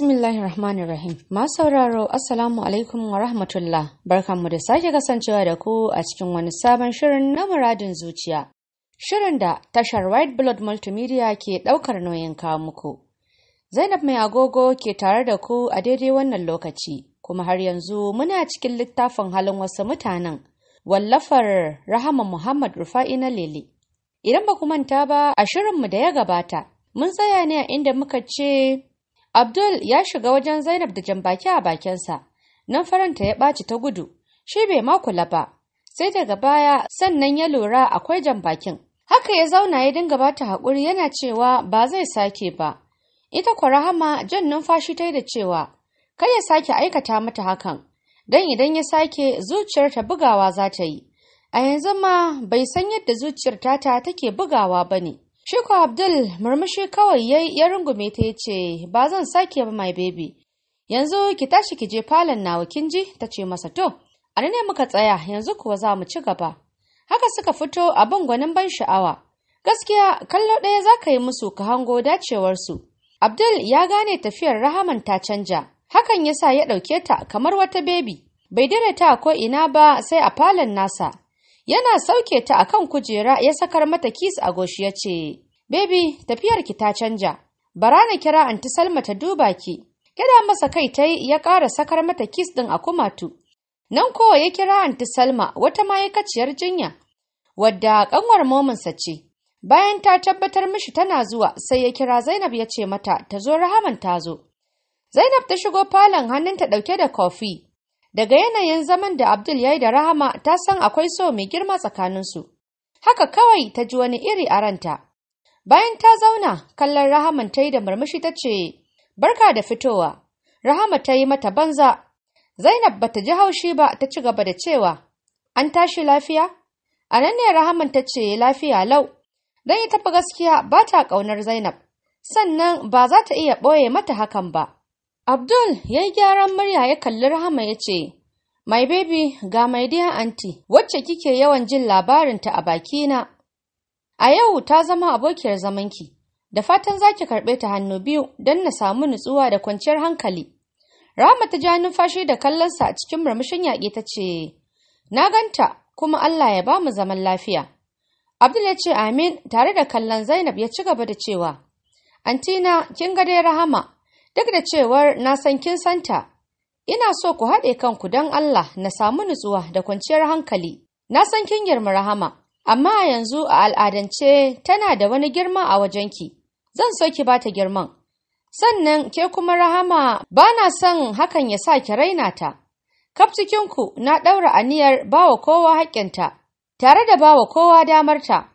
Bismillahir Rahmanir Rahim. Masu sauraro, Assalamu alaikum wa rahmatullah. Barkanmu da sake kasancewa da ku a cikin wani sabon shirin na muradin zuciya. Shirin da tashar White Blood Multimedia ke ɗaukar nauyin kawo muku. Zainab mai agogo ke tare da ku a daidai wannan lokaci, kuma har yanzu muna cikin littafin halin wasu mutanen. Wallafar Rahama Muhammad Rufa'i na Lele. Idan ba ku manta ba a shirinmu da ya gabata, mun tsaya ne a inda muka ce Abdul ya shiga wajen Zainab da Jan Baki a bakinsa, nan faranta ya ɓaci ta gudu, shi bai makula ba, sai daga baya sannan ya lura akwai Jan Bakin. Haka ya zauna ya dinga bata haƙuri yana cewa ba zai sake ba. Ita rahama jan numfashi ta yi da cewa, kai ya sake aikata mata hakan, don idan ya sake zuciyar ta bugawa za ta yi. A yanzu ma bai san yadda zuciyar ta take bugawa ba ne. Shiko Abdul murmushi kawai ya rungume ta yace ce, Ba zan sake ba mai bebi. Yanzu ki tashi ki je falon nawa kin ji ta ce masa to, a ne muka tsaya yanzu kuwa za mu ci gaba. Haka suka fito a gwanin ban sha'awa. Gaskiya kallo ɗaya za ka yi musu ka hango dacewarsu. Abdul ya gane tafiyar Rahaman ta canja, hakan ya sa ya ɗauke ta kamar wata bebi. Bai dare ta ko ina ba sai a falon nasa. yana sauke ta akan kujera ya sakar mata kis a goshi ya ce bebi tafiyar ki ta canja bara na kira anti salma ta duba ki Gyada masa kai ta yi ya ƙara sakar mata kis ɗin a kumatu nan kowa ya kira anti salma wata ma'aikaciyar jinya wadda ƙanwar mominsa ce bayan ta tabbatar mishi tana zuwa sai ya kira zainab ya ce mata ta zo rahaman ta zo zainab ta shigo falon hannunta ɗauke da kofi Daga yanayin zaman da Abdul ya yi da Rahama ta san akwai so mai girma tsakaninsu. Haka kawai ta ji wani iri a ranta. Bayan ta zauna, kallon Rahaman ta yi da murmushi ta ce, Barka da fitowa. Rahama ta yi mata banza. Zainab ba ta ji haushi ba ta ci gaba da cewa, An tashi lafiya? A nan ne Rahaman ta ce lafiya lau, don ya taɓa gaskiya ba ta ƙaunar Zainab, sannan ba za ta iya ɓoye mata hakan ba. Abdul ya yi gyaran murya ya kalli Rahama ya ce, My baby ga my dear anti wacce kike yawan jin labarinta a bakina. A yau ta zama abokiyar zamanki, da fatan za ki karɓe ta hannu biyu don na samu nutsuwa da kwanciyar hankali. Rahama ta ja numfashi da kallonsa a cikin murmushin yaƙi ta ce, Na ganta kuma Allah ya ba mu zaman lafiya. Abdul ya ce amin tare da kallon Zainab ya ci gaba da cewa, Antina kin ga dai Rahama duk da cewar na san kin santa ina so ku haɗe kanku don Allah na samu nutsuwa da kwanciyar hankali na san kin girma rahama amma yanzu a al'adance tana da wani girma a wajenki zan so ki ba ta girman sannan ke kuma rahama ba na son hakan ya sa ki raina ta kaf cikinku na ɗaura aniyar bawa kowa haƙƙinta tare da bawa kowa damarta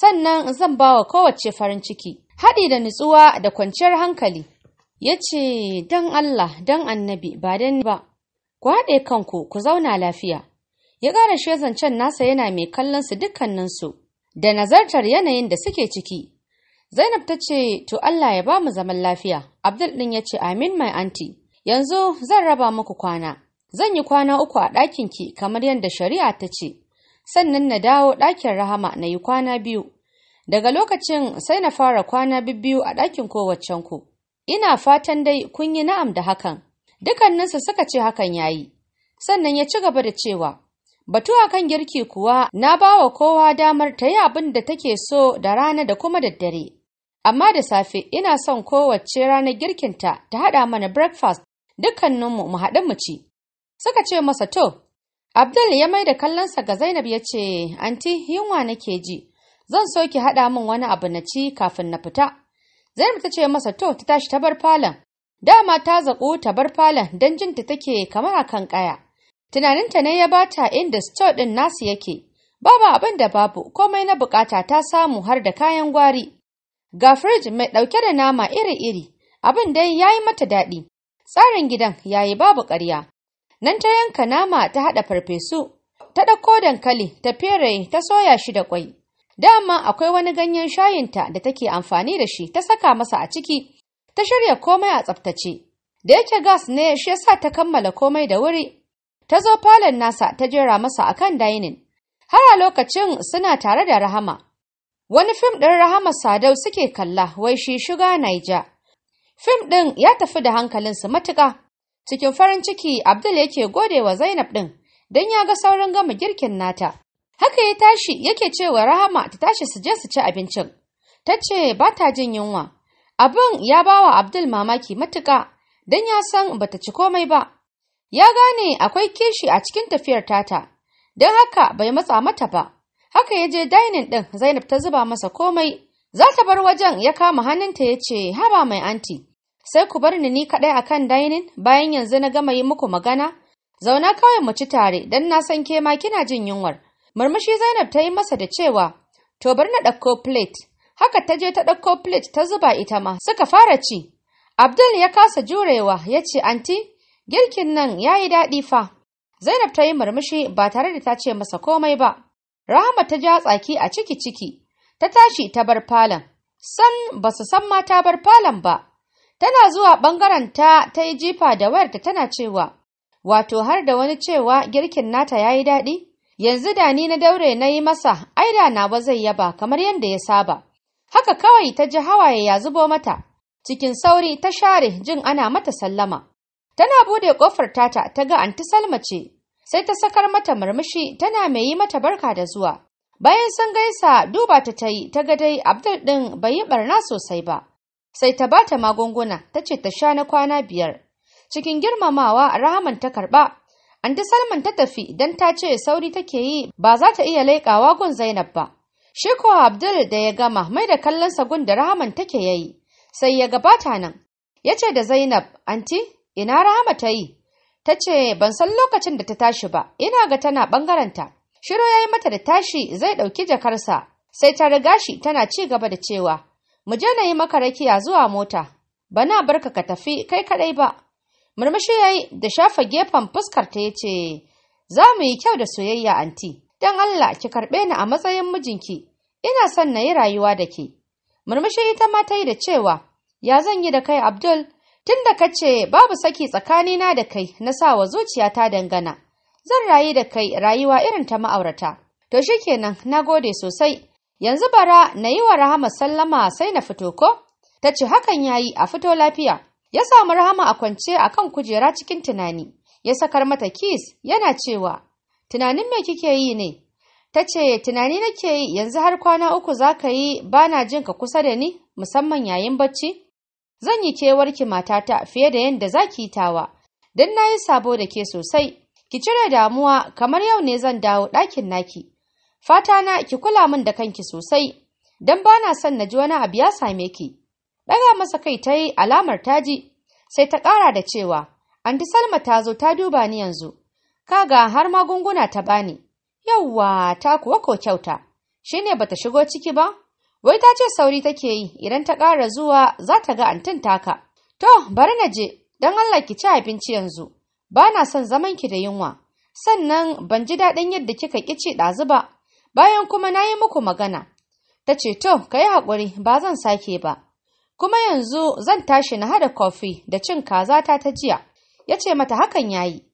sannan zan bawa kowace farin ciki haɗi da nutsuwa da kwanciyar hankali ya ce don Allah don annabi ba don ba ku haɗe kanku ku zauna lafiya ya ƙara zancen nasa yana mai kallon su dukkaninsu da nazartar yanayin da suke ciki Zainab ta ce to Allah ya ba mu zaman lafiya Abdul ɗin ya ce amin mai anti yanzu zan raba muku kwana zan yi kwana uku a ɗakinki kamar yadda shari'a ta ce sannan na dawo ɗakin rahama na yi kwana biyu daga lokacin sai na fara kwana biyu a ɗakin kowaccen ku ina fatan dai kun yi na'am da hakan Dukkaninsu suka ce hakan yayi sannan ya ci gaba da cewa batu kan girki kuwa na bawa kowa damar ta yi abin da take so da rana da kuma daddare amma da safe ina son kowace ranar girkinta ta haɗa mana breakfast dukkaninmu mu haɗu mu ci suka ce masa to abdul ya mai da kallonsa ga zainab ya ce anti yunwa nake ji zan so ki haɗa min wani abu na ci kafin na fita Zainab ta ce masa to ta tashi ta bar falon. Dama ta zaƙo ta bar falon don jin ta take kamar a kan ƙaya. Tunaninta ne ya bata inda store ɗin nasu yake. Babu abin da babu, komai na bukata ta samu har da kayan gwari. Ga firij mai ɗauke da nama iri-iri, abin dai ya yi mata daɗi. Tsarin gidan ya yi babu ƙarya. Nan ta yanka nama ta haɗa farfesu, ta ɗauko dankali, ta fere, ta soya shi da ƙwai. dama akwai wani ganyen shayinta da take amfani da shi ta saka masa a ciki ta shirya komai a tsaftace da yake gas ne shi yasa ta kammala komai da wuri ta zo falon nasa ta jera masa akan dainin. har a lokacin suna tare da Rahama wani fim ɗin Rahama Sadau suke kalla wai shi Shuga Naija fim ɗin ya tafi da su matuƙa cikin farin ciki Abdul yake gode wa Zainab ɗin don ya ga saurin gama girkin nata haka ya tashi yake cewa rahama ta tashi su je su ci abincin ta ce ba ta jin yunwa abin ya ba wa abdul mamaki matuka, don ya san ba ta ci komai ba ya gane akwai kishi a cikin tafiyar tata don haka bai matsa mata ba haka ya je dainin ɗin zainab ta zuba masa komai za ta bar wajen ya kama hannunta ya ce haba mai anti sai ku bar ni ni kaɗai a kan dainin bayan yanzu na gama yi muku magana zauna kawai mu ci tare don na san ke ma kina jin yunwar Murmushi Zainab ta yi masa da cewa, To bar na ɗauko plate, haka ta je ta ɗauko plate ta zuba ita ma, suka fara ci. Abdul ya kasa jurewa ya ce, Anti, girkin nan ya yi daɗi fa. Zainab ta yi murmushi ba tare da ta ce masa komai ba. Rahama ta ja tsaki a ciki-ciki, ta tashi ta bar falon. San ba su san ma ta bar falon ba. Tana zuwa ɓangaren ta ta yi jifa da wayar wayarta tana cewa, Wato har da wani cewa girkin nata ya yi daɗi? yanzu da ni na daure na yi masa ai da nawa zai yaba kamar yadda ya saba haka kawai ta ji hawaye ya zubo mata cikin sauri ta share jin ana mata sallama tana bude kofar tata ta ga anti Salma ce sai ta sakar mata murmushi tana mai yi mata barka da zuwa bayan sun gaisa duba ta ta yi ta ga dai Abdul din bai yi barna sosai ba sai ta bata magunguna ta ce ta sha na kwana biyar cikin girmamawa Rahaman ta karba Anta Salman ta tafi don ta ce sauri take yi ba za ta iya laikawa gun Zainab ba. sheko Abdul da ya gama mai da kallonsa gun da Rahaman take yayi. Sai ya gabata nan. Ya ce da Zainab, "Anti, ina Rahama ta yi?" Ta ce, "Ban san lokacin da ta tashi ba, ina ga tana bangaranta." Shiro ya yi mata da tashi zai ɗauki jakarsa, sai ta riga shi tana ci gaba da cewa, "Mu je na yi maka rakiya zuwa mota, bana barka ka tafi kai kaɗai ba." murmushi ya yi da shafa gefen fuskar ta ya ce za mu yi kyau da soyayya anti don allah ki karɓe ni a matsayin mijinki ina son na yi rayuwa da ke murmushi ita ma ta yi da cewa ya zan yi da kai abdul tun da ka ce babu saki tsakanina da kai na sa wa zuciya ta dangana zan rayu da kai rayuwa irin ta ma'aurata to shikenan na gode sosai yanzu bara na yi wa rahama sallama sai na fito ko ta ce hakan ya yi a fito lafiya ya samu rahama a kwance a kan kujera cikin tunani ya sakar mata kis yana cewa tunanin me kike yi ne ta ce tunani nake yi yanzu har kwana uku za ka yi ba na jin ka kusa da ni musamman yayin bacci zan yi kewarki matata fiye da yadda za ki tawa don na yi sabo da ke sosai ki cire damuwa kamar yau ne zan dawo ɗakin naki fata na ki kula min da kanki sosai don ba na son na ji wani abu ya same ki ɗaga masa kai ta yi alamar taji sai ta ƙara da cewa anti salma ta zo ta duba ni yanzu kaga har magunguna ta bani yauwa ta kuwa ko kyauta "Shi ne ba ta shigo ciki ba wai ta ce sauri take yi idan ta ƙara zuwa za ta ga antin taka to bari na je don allah ki ci abinci yanzu ba na son zaman ki da yunwa sannan ban ji daɗin yadda kika ƙi ci ɗazu ba bayan kuma na yi muku magana ta ce to ka yi haƙuri ba zan sake ba kuma yanzu zan tashi na hada kofi da cin kazata ta jiya ya ce mata hakan yayi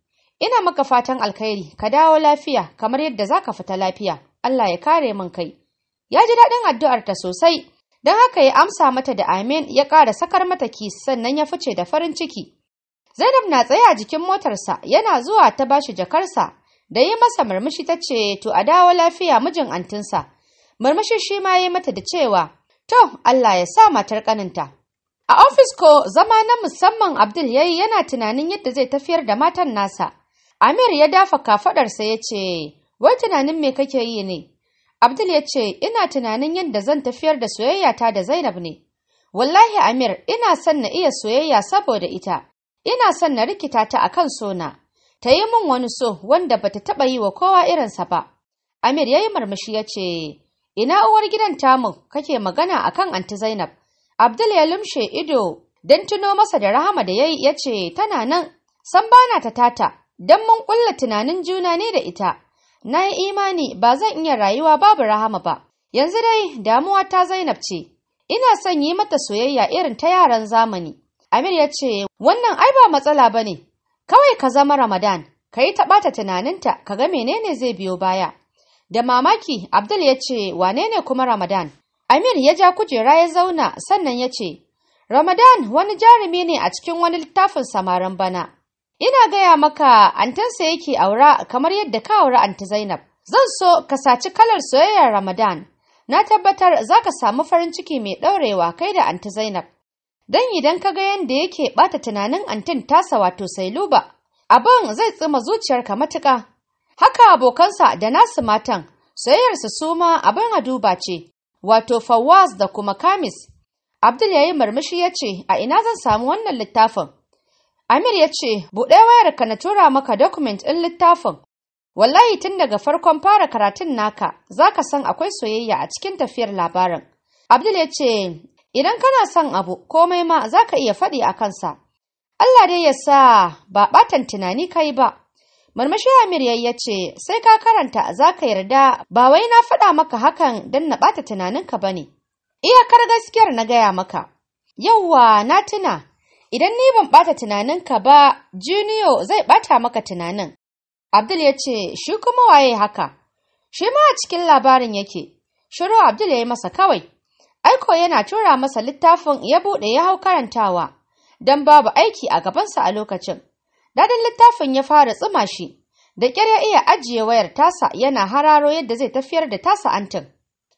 ina maka fatan alkhairi ka dawo lafiya kamar yadda za ka fita lafiya Allah ya kare min kai ya ji daɗin addu'arta sosai don haka ya amsa mata da Amin ya ƙara sakar mata ki sannan ya fice da farin ciki Zainab na tsaya jikin motarsa yana zuwa ta bashi jakarsa da yi masa murmushi ta ce to a dawo lafiya mijin antinsa murmushi shi ma yi mata da cewa To, Allah ya sa matar ƙaninta. A ofis ko zama na musamman Abdul ya yi yana tunanin yadda zai tafiyar da matan nasa. Amir ya dafa kafaɗarsa ya ce, "Wai tunanin me kake yi ne?" Abdul ya ce, "Ina tunanin yadda zan tafiyar da soyayya ta da Zainab ne." Wallahi Amir, ina son na iya soyayya saboda ita. Ina son na rikita ta a kan sona. Ta yi min wani so wanda bata taɓa yi wa kowa irinsa ba. Amir ya yi murmushi ya ce, ina uwar gidan tamun kake magana akan anti Zainab Abdul ya lumshe ido dan tuno masa da Rahama da yayi yace tana nan san bana ta tata dan mun kulla tunanin juna ne da ita Na yi imani ba zan iya rayuwa babu Rahama ba yanzu dai damuwa ta Zainab ce ina son yi mata soyayya irin ta yaran zamani Amir ya ce wannan ai ba matsala bane kawai ka zama Ramadan ka yi taɓata tunaninta ka ga menene zai biyo baya Da mamaki Abdul ya ce wane ne kuma Ramadan? Amir ya ja kujera ya zauna sannan ya ce Ramadan wani jarumi ne a cikin wani littafin samarin bana. Ina gaya maka antansa yake aura kamar yadda ka aura anta Zainab. Zan so ka saci kalar soyayyar Ramadan. Na tabbatar za ka samu farin ciki mai ɗaurewa kai da anta Zainab. Don idan ka ga yadda yake ɓata tunanin antin tasa wato Sailuba, abin zai tsima zuciyarka matuƙa. haka abokansa da nasu matan soyayyarsa su ma abin a duba ce wato Fawaz da kuma Kamis Abdul yayi murmushi ya ce a ina zan samu wannan littafin Amir ya ce buɗe wayarka na tura maka document ɗin littafin wallahi tun daga farkon fara karatun naka za ka san akwai soyayya a cikin tafiyar labarin Abdul ya ce idan kana son abu komai ma za ka iya faɗi a kansa Allah dai ya sa ba ɓatan tunani kai ba Murmushi Amir ya ce, sai ka karanta za ka yarda ba wai na faɗa maka hakan don na ɓata tunaninka ba ne. Iyakar gaskiyar na gaya maka. yauwa na tuna, idan ni ban ɓata tunaninka ba, juniyo zai ɓata maka tunanin. Abdul ya ce, shi kuma waye haka? Shi ma a cikin labarin yake, shiru Abdul ya yi masa kawai. Aiko yana tura masa littafin ya buɗe ya hau karantawa, don babu aiki a gabansa a lokacin. Dadin littafin ya fara tsuma shi, da ƙyar ya iya ajiye wayar tasa yana hararo yadda zai tafiyar da tasa antin.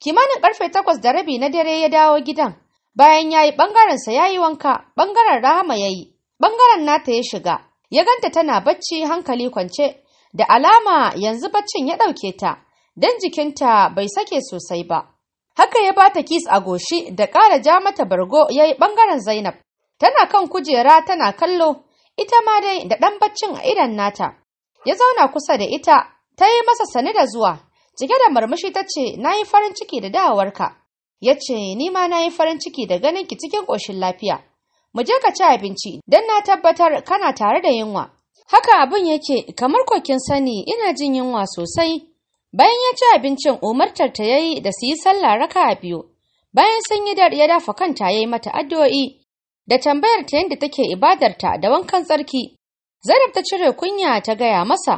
Kimanin ƙarfe takwas da rabi na dare ya dawo gidan, bayan ya yi ɓangarensa ya yi wanka, ɓangaren Rahama ya yi, ɓangaren nata ya shiga, ya ganta tana bacci hankali kwance, da alama yanzu baccin ya ɗauke ta, don jikinta bai sake sosai ba. Haka ya bata kis a goshi da ƙara ja mata bargo ya yi ɓangaren Zainab. Tana kan kujera tana kallo, ita ma dai da ɗan baccin a idan nata ya zauna kusa da ita ta yi masa sani da zuwa cike da murmushi ta ce na yi farin ciki da dawowarka ya ce ni ma na yi farin ciki da ganin ki cikin ƙoshin lafiya mu je ka ci abinci don na tabbatar kana tare da yunwa haka abin yake kamar kokin sani ina jin yunwa sosai bayan ya ci abincin umartar ta yayi da su yi sallah raka biyu bayan sun yi dar ya dafa kanta ya yi mata addu'o'i da tambayar ta yadda take ibadarta da wankan tsarki. Zainab ta cire kunya ta gaya masa,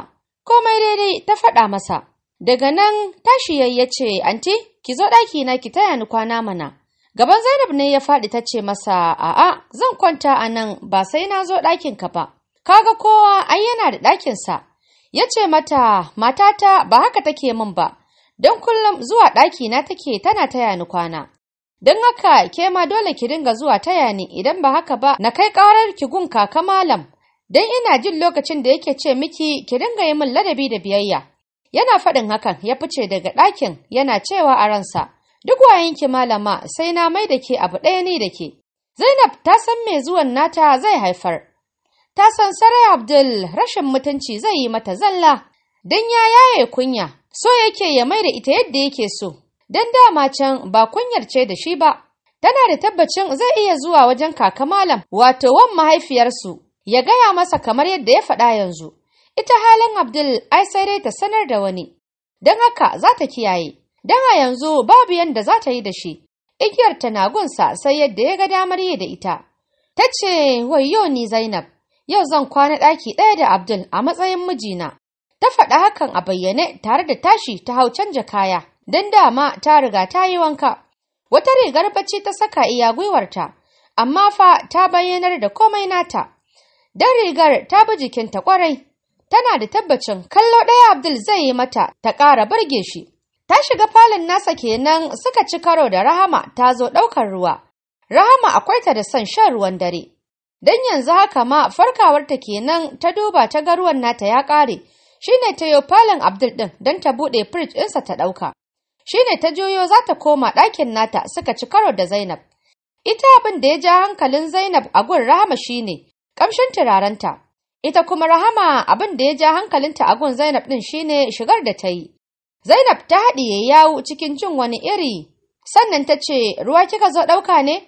komai daidai ta faɗa masa. Daga nan tashi ya ce, "Anti, ki zo ɗaki na ki taya ni kwana mana." Gaban Zainab ne ya faɗi ta ce masa, "A'a, zan kwanta a nan ba sai na zo ɗakin ka ba." Kaga kowa ai yana da ɗakinsa. Ya ce mata, "Matata ba haka take min ba, don kullum zuwa ɗaki na take tana taya ni kwana." Don haka ke ma dole ki dinga zuwa taya ni idan ba haka ba na kai ƙarar ki gun kaka malam. Don ina jin lokacin da yake ce miki ki dinga yi min ladabi da biyayya. Yana faɗin hakan ya fice daga ɗakin yana cewa a ransa. Duk wayenki malama sai na mai da ke abu ɗaya ni da ke. Zainab ta san me zuwan nata zai haifar. Ta san Sarai Abdul rashin mutunci zai yi mata zalla. Dan ya yaye kunya, so yake ya mai da ita yadda yake so. don dama can ba kunyar ce da shi ba. Tana da tabbacin zai iya zuwa wajen kaka malam wato wan mahaifiyarsu ya gaya masa kamar yadda ya faɗa yanzu. Ita halin Abdul ai sai dai ta sanar da wani, don haka za ta kiyaye, don a yanzu babu yadda za ta yi da shi, igiyar ta na gunsa sai yadda ya ga damar yi da ita. Ta ce, wayo ni Zainab, yau zan kwana ɗaki ɗaya da Abdul a matsayin mijina. Ta faɗa hakan a bayyane tare da tashi ta hau canja kaya. don dama ta riga ta yi wanka. Wata rigar bacci ta saka iya gwiwarta, amma fa ta bayyanar da komai nata. Don rigar ta bi jikinta kwarai, tana da tabbacin kallo ɗaya Abdul zai yi mata ta ƙara burge shi. Ta shiga falon nasa kenan suka ci karo da Rahama ta zo ɗaukar ruwa. Rahama akwai ta da son shan ruwan dare. Don yanzu haka ma farkawarta kenan ta duba ta ga ruwan nata ya ƙare, ne ta yo falon Abdul ɗin don ta buɗe firij ɗinsa ta ɗauka. shine ta juyo za ta koma ɗakin nata suka ci karo da Zainab. Ita abin da ya ja hankalin Zainab a gun Rahama shine ƙamshin turarenta. Ita kuma Rahama abin da ya ja hankalinta a gun Zainab ɗin shine shigar da ta yi. Zainab ta haɗiye yawo cikin jin wani iri, sannan ta ce, Ruwa kika zo ɗauka ne?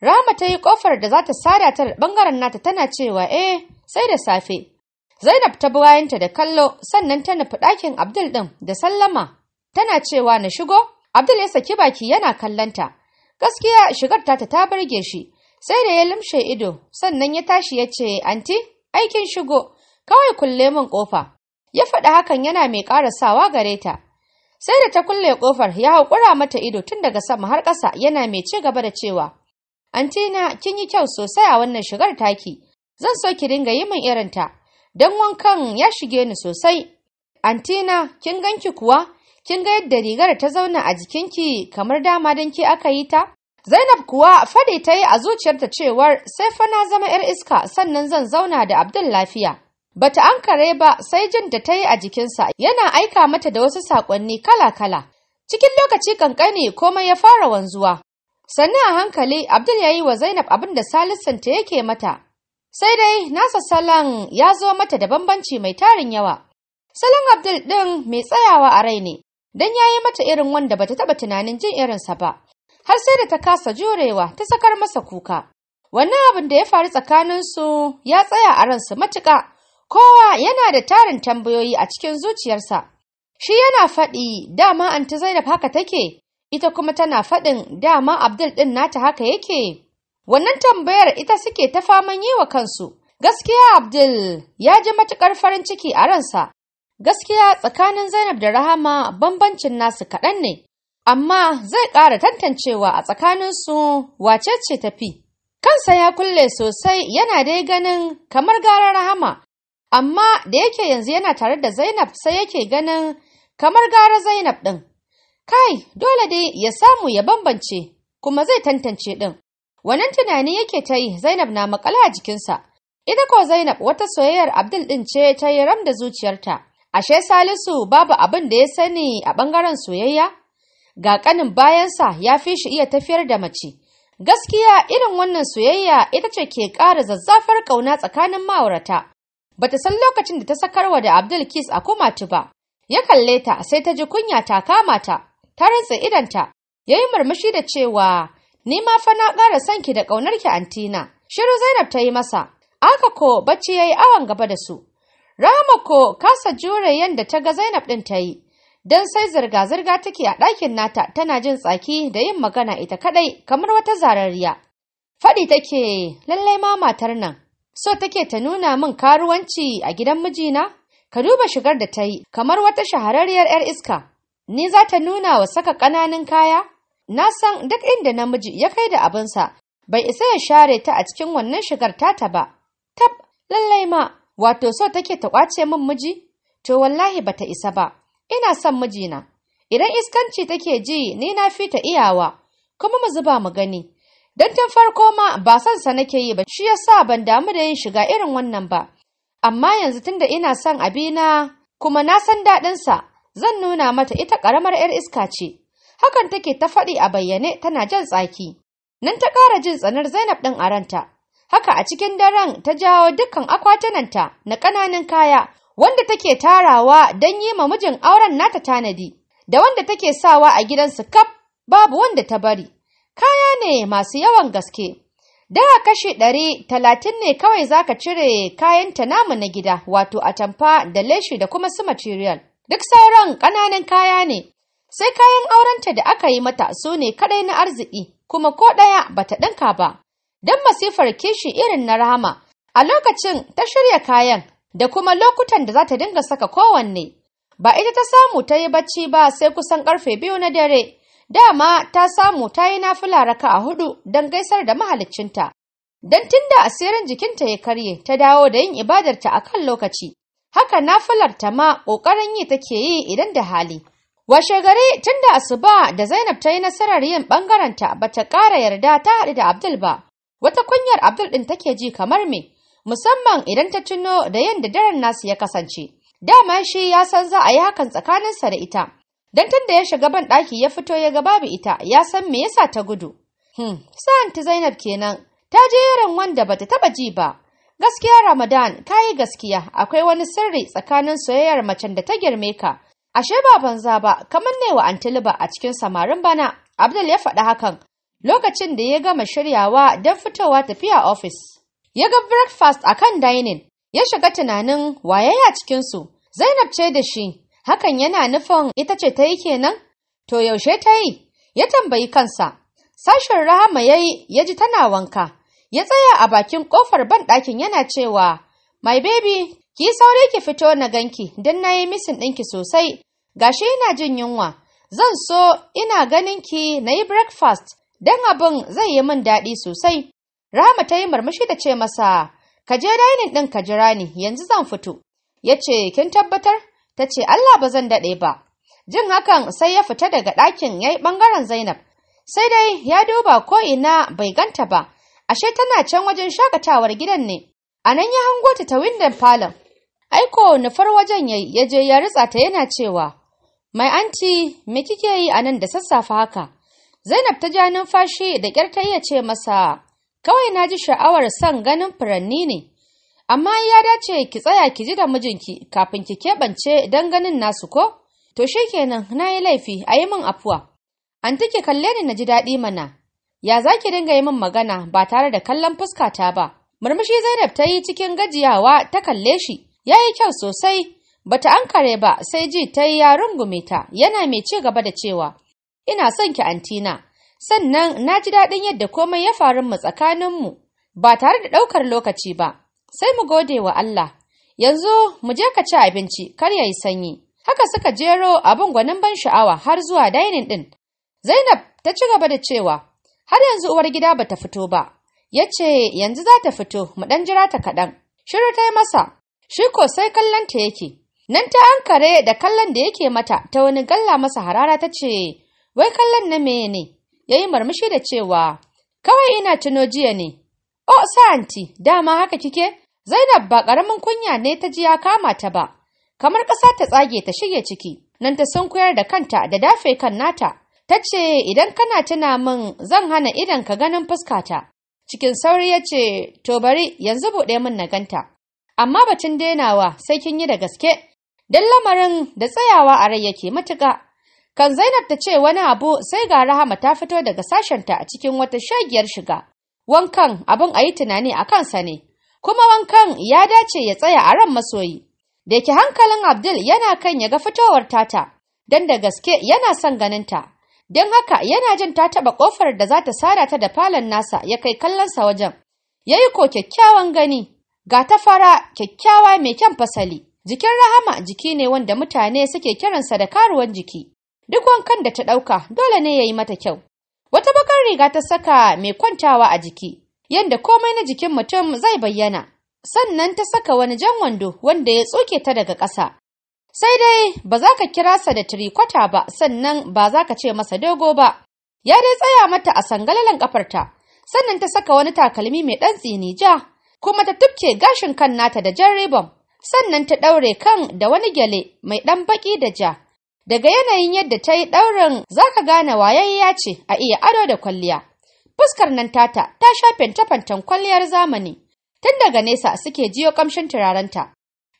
Rahama ta yi ƙofar da za ta sada ta ɓangaren nata tana cewa, Eh, sai da safe. Zainab ta bayanta da kallo, sannan ta nufi ɗakin Abdul ɗin da sallama. tana cewa na shigo Abdul ya saki baki yana kallanta gaskiya shigar ta ta burge shi sai da ya limshe ido sannan ya tashi ya ce anti aikin shigo kawai kulle min kofa ya faɗi hakan yana mai ƙarasawa gare ta sai da ta kulle kofar ya haƙura mata ido tun daga sama har ƙasa yana mai ci gaba da cewa Anti na kin yi kyau sosai a wannan shigar taki zan so ki dinga yi min irinta don wankan ya shige ni sosai antina kin ganki kuwa kin ga yadda rigar ta zauna a jikinki kamar dama don ki aka yi ta? Zainab kuwa faɗi ta yi a zuciyarta cewar sai fa na zama 'yar iska sannan zan zauna da Abdul lafiya. Bata ankare ba sai jin da ta yi a jikinsa yana aika mata da wasu saƙonni kala-kala. Cikin lokaci kankani komai ya fara wanzuwa. Sannan a hankali Abdul ya yi wa Zainab abin da ta yake mata. Sai dai nasa salon ya zo mata da bambanci mai tarin yawa. Salon Abdul ɗin mai tsayawa a rai ne, Dan ya yi mata irin wanda bata taɓa tunanin jin irinsa ba. Har sai da ta kasa jurewa ta sakar masa kuka. Wannan abin da ya faru tsakaninsu ya tsaya a ransu matuka. Kowa yana da tarin tambayoyi a cikin zuciyarsa. Shi yana faɗi dama anti Zainab haka take, ita kuma tana faɗin dama Abdul ɗin nata haka yake. Wannan tambayar ita suke ta faman yi wa kansu. Gaskiya Abdul ya ji matuƙar farin ciki a ransa, Gaskiya tsakanin Zainab da Rahama bambancin nasu kaɗan ne, amma zai ƙara tantancewa a tsakaninsu wace ce tafi. Kansa ya kulle sosai yana dai ganin kamar gara Rahama, amma da yake yanzu yana tare da Zainab sai yake ganin kamar gara Zainab ɗin. Kai, dole dai ya samu ya bambance, kuma zai tantance ɗin. Wannan tunani yake ta yi Zainab na makala a jikinsa. Ita ko Zainab wata soyayyar Abdul ɗin ce ta yi ram da zuciyarta. Ashe Salisu babu abin da ya sani a ɓangaren soyayya? Ga ƙanin bayansa ya fi shi iya tafiyar da mace. Gaskiya irin wannan soyayya ita ce ke ƙara zazzafar ƙauna tsakanin ma'aurata. Ba ta san lokacin da ta sakarwa da Abdul Kis a kumatu ba. Ya kalle ta sai ta ji kunya ta kama ta, ta rantsa idanta, ya yi murmushi da cewa, Ni ma fa na ƙara son ki da ƙaunarki antina. Shiru Zainab ta yi masa, aka ko bacci ya yi awon gaba da su. ko kasa jure yadda ta ga Zainab ɗin ta yi, don sai zirga-zirga take a ɗakin nata tana jin tsaki da yin magana ita kaɗai kamar wata zarariya. Faɗi take lallai ma matar nan, so take ta nuna min karuwanci a gidan mijina? Ka duba shigar da ta yi kamar wata shahararriyar 'yar iska, ni za ta nuna wa saka ƙananan kaya? Na san duk inda namiji ya kai da abinsa, bai isa ya share ta a cikin wannan shigar tata ba. Tab, lallai ma, wato so take ta kwace min miji to wallahi bata isa ba ina son mijina idan iskanci take ji ni na fita iyawa kuma mu zuba mu gani dan tun farko ma ba son sa nake yi ba shi yasa ban damu da yin shiga irin wannan ba amma yanzu tunda ina son abina kuma na san daɗinsa. sa zan nuna mata ita karamar 'yar iska ce hakan take ta faɗi a bayyane tana jan tsaki nan ta ƙara jin tsanar Zainab ɗin a ranta haka a cikin daren ta jawo dukkan akwatunanta na ƙananan kaya wanda take tarawa don yi ma mijin auren nata tanadi da wanda take sawa a gidansu kaf babu wanda ta bari kaya ne masu yawan gaske Da kashi ɗari talatin ne kawai zaka cire kayan ta namu na gida wato atamfa da leshi da kuma su material duk sauran ƙananan kaya ne sai kayan aurenta da aka yi mata su ne kaɗai na arziki kuma ko ɗaya bata ɗinka ba don masifar kishi irin na rahama a lokacin ta shirya kayan da kuma lokutan da za ta dinga saka kowanne ba ita ta samu ta yi bacci ba sai kusan karfe biyu na dare dama ta samu ta yi nafila raka a hudu don gaisar da mahaliccinta don tun da asirin jikinta ya karye ta dawo da yin ibadarta a kan lokaci haka nafilar ta ma ƙoƙarin yi take yi idan da hali washe gari tun da asuba da zainab ta yi nasarar yin ɓangaren ta bata ƙara yarda ta haɗu da abdul ba wata kunyar Abdul ɗin take ji kamar me musamman idan ta tuno da yadda daren nasu ya kasance dama shi ya san za a yi hakan tsakaninsa da ita dan tunda ya shiga ban ɗaki ya fito ya ga babu ita ya san me yasa ta gudu hmm sa'an ta Zainab kenan ta je yaron wanda bata taba ji ba gaskiya Ramadan kai gaskiya akwai wani sirri tsakanin soyayyar macen da ta girme ka ashe ba banza ba kamar ne wa Antiliba a cikin samarin bana Abdul ya faɗi hakan lokacin da ya gama shiryawa don fitowa tafiya ofis. Ya ga breakfast a kan dining, ya shiga tunanin wayaya cikinsu, Zainab ce da shi, hakan yana nufin ita ce ta yi kenan? To yaushe ta yi? Ya tambayi kansa. Sashen Rahama ya yi ya ji tana wanka, ya tsaya a bakin kofar banɗakin yana cewa, My baby, ki saure ki fito na ganki don na yi misin ɗinki sosai, gashi ina jin yunwa, zan so ina ganin ki na yi breakfast. don abin zai yi min daɗi sosai. Rahama ta yi murmushi ta ce masa, ka je dainin ɗin ka jira ni yanzu zan fito. Ya ce, kin tabbatar? Ta ce, Allah ba zan daɗe ba. Jin hakan sai ya fita daga ɗakin ya yi ɓangaren Zainab. Sai dai ya duba ko ina bai ganta ba, ashe tana can wajen shakatawar gidan ne. A nan ya hango ta ta windon falon. Aiko nufar wajen ya ya je ya ritsa ta yana cewa, Mai anti, me kike yi a nan da sassafe haka? Zainab ta ja numfashi da ƙyar ta iya ce masa, kawai na ji sha'awar son ganin furanni ne, amma ya dace ki tsaya ki ji da mijinki kafin ki keɓance don ganin nasu ko? To shi kenan na yi laifi a yi min afuwa. An ki kalle ni na ji daɗi mana, ya za ki dinga yi min magana ba tare da kallon fuskata ba. Murmushi Zainab ta yi cikin gajiyawa ta kalle shi, ya yi kyau sosai, bata ankare ba sai ji ta yi ya rungume ta yana mai ci gaba da cewa. ina son ki antina sannan na ji daɗin yadda komai ya faru mu tsakaninmu ba tare da ɗaukar lokaci ba sai mu gode wa Allah yanzu mu je ka ci abinci kar ya yi sanyi haka suka jero abin gwanin ban sha'awa har zuwa dainin ɗin Zainab ta ci gaba da cewa har yanzu uwar gida ba ta fito ba ya ce yanzu za ta fito mu ɗan jira ta kaɗan shiru ta yi masa shi ko sai kallon ta yake nan ta ankare da kallon da yake mata ta wani galla masa harara ta ce wai kallon na meye ne ya yi marmashi da cewa kawai ina tuno jiya ne o oh, sa'anti dama haka kike zainab ba ƙaramin kunya ne ta ji ya kama ta ba kamar ƙasa ta tsage ta shige ciki nan ta sun da kanta da dafe kan nata ta ce idan kana tuna min zan hana idan ka ganin fuskata cikin sauri ya ce to bari yanzu buɗe min na ganta amma batun dainawa sai kin yi da gaske don lamarin da tsayawa a rai yake matuka. Kan Zainab ta ce wani abu sai ga Rahama ta fito daga sashenta a cikin wata shagiyar shiga. Wankan abin a yi tunani a kansa ne, kuma wankan ya dace ya tsaya a ran masoyi. Da ke hankalin Abdul yana kan ya ga fitowar tata, don da gaske yana son ganinta. Don haka yana jin ta taɓa ƙofar da za ta sada ta da falon nasa ya kai kallonsa wajen. Ya yi ko kyakkyawan gani, ga ta fara kyakkyawa mai kyan fasali. Jikin Rahama jiki ne wanda mutane suke kiransa da karuwan jiki. duk wankan da ta ɗauka dole ne ya yi mata kyau. Wata bakar riga ta saka mai kwantawa a jiki, yadda komai na jikin mutum zai bayyana. Sannan ta saka wani jan wando wanda ya tsoke ta daga ƙasa. Sai dai ba za ka kira sa da tirikwata ba, sannan ba za ka ce masa dogo ba. Ya dai tsaya mata a sangalalan ƙafarta, sannan ta saka wani takalmi mai ɗan tsini ja, kuma ta tubke gashin kan nata da jan ribon, sannan ta ɗaure kan da wani gyale mai ɗan baƙi da ja. daga yanayin yadda ta yi ɗaurin za ka gane wayayya ce a iya ado da kwalliya fuskar nan tata ta sha fentafantan kwalliyar zamani tun daga nesa suke jiyo kamshin turarenta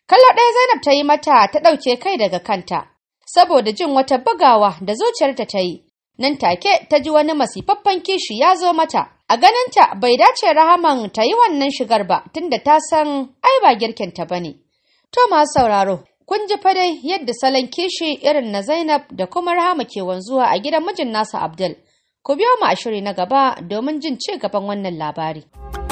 kallo ɗaya zainab ta yi mata ta ɗauke kai daga kanta saboda jin wata bugawa da zuciyarta ta yi nan take ta ji wani masifaffen kishi ya zo mata a ganinta bai dace rahaman ta yi wannan shigar ba tunda ta san ai ba girkinta ba ne to masu sauraro Kun ji dai yadda salon kishi irin na Zainab da kuma Rahama ke wanzuwa a gidan mijin nasa Abdul. Ku biyo mu a shiri na gaba domin jin ci gaban wannan labari.